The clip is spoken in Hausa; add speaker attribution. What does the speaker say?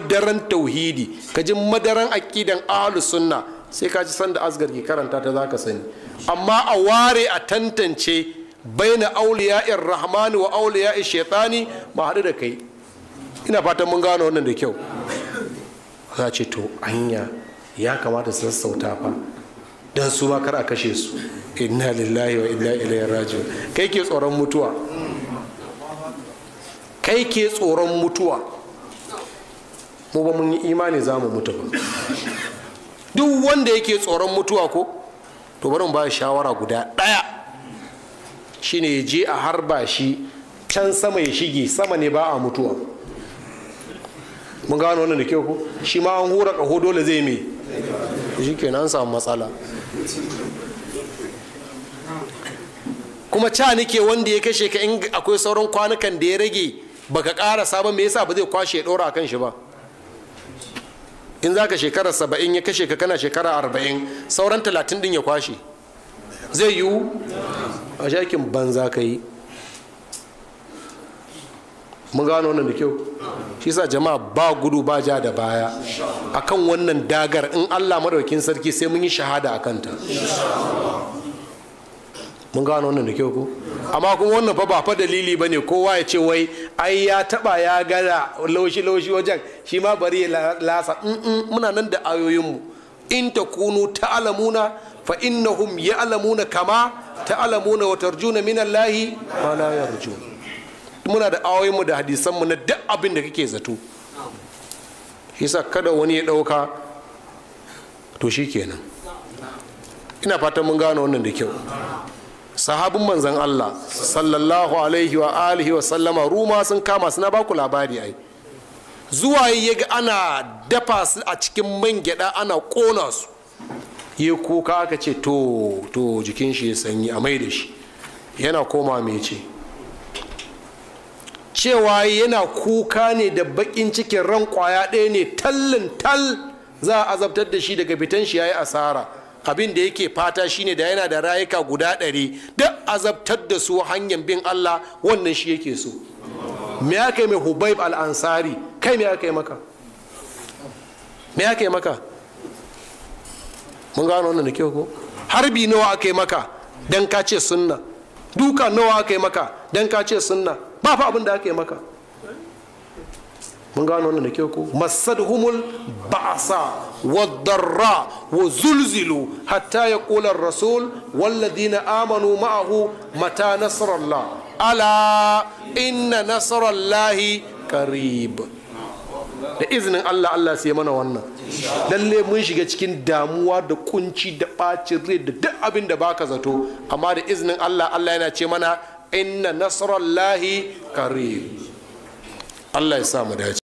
Speaker 1: madaran tauhidi ka ji madaran aqidan ahlus sunna sai ka ci sanda asgar ke karanta ta zaka sani amma a ware a tantance baina in rahman wa in shaytani ba haɗu da kai ina fatan mun gano wannan da kyau za ce to anya ya kamata su sassauta fa dan su ma kar a kashe su inna lillahi wa inna ilaihi raji'un kai ke tsoron mutuwa kai ke tsoron mutuwa mu ba mun yi imani za mu mutu ba duk wanda yake tsoron mutuwa ko to bari ba shawara guda ɗaya shine ya je a harba shi can sama ya shige sama ne ba a mutuwa mun gano wannan da kyau ko shi ma an hura ƙaho dole zai me shi ke an samu matsala kuma ca wanda ya kashe ka in akwai sauran kwanukan da ya rage baka ƙara sabon me yasa ba zai kwashe ya ɗora a kan shi ba in za ka shekara saba'in ya kashe ka kana shekara arba'in sauran talatin din ya kwashe zai yiwu a shakin banza ka yi mun gano wannan da kyau shi sa jama'a ba gudu ba ja da baya akan wannan dagar in allah madaukin sarki sai mun yi shahada a kanta mun gano wannan da kyau ko amma kuma wannan fa ba fa dalili bane kowa ya ce wai ai ya taba ya gada laushi laushi wajen shi ma bari ya lasa muna nan da ayoyinmu in ta kunu ta'alamuna fa innahum alamuna kama ta'alamuna wa tarjuna min Allahi ma la yarju muna da ayoyinmu da hadisanmu na duk abin da kake zato yasa kada wani ya dauka to shikenan ina fatan mun gano wannan da kyau sahabin manzan Allah sallallahu alaihi wa alihi wa sallama ruma sun kama suna baku labari ai zuwa ya ga ana dafa su a cikin man gyada ana kona su ya kuka aka ce to to jikin shi ya sanyi a mai da shi yana koma mai ce cewa yana kuka ne da bakin cikin ran kwaya ɗaya ne tallin tal za a azabtar da shi daga fitan shi ya yi asara abin da yake fata shine da yana da rayuka guda ɗari duk azabtar da su hanyar bin Allah wannan shi yake so me ya kai mai hubaib al'ansari kai me ya kai maka me ya kai maka mun gano wannan da kyau ko harbi nawa aka yi maka dan ka ce sunna duka nawa aka yi maka dan ka ce sunna ba fa abin da aka yi maka mun gano wannan da kyau ko masadhumul ba'sa wadarra وزلزلوا hatta ya الرسول rasul آمنوا معه amanu ma'ahu mata ألا ala inna الله قريب da izinin Allah Allah sai mana wannan lalle mun shiga cikin damuwa da kunci da ɓacin rai da duk abin da baka zato amma da izinin Allah Allah yana ce mana inna nasrallahi qarib Allah ya sa mu dace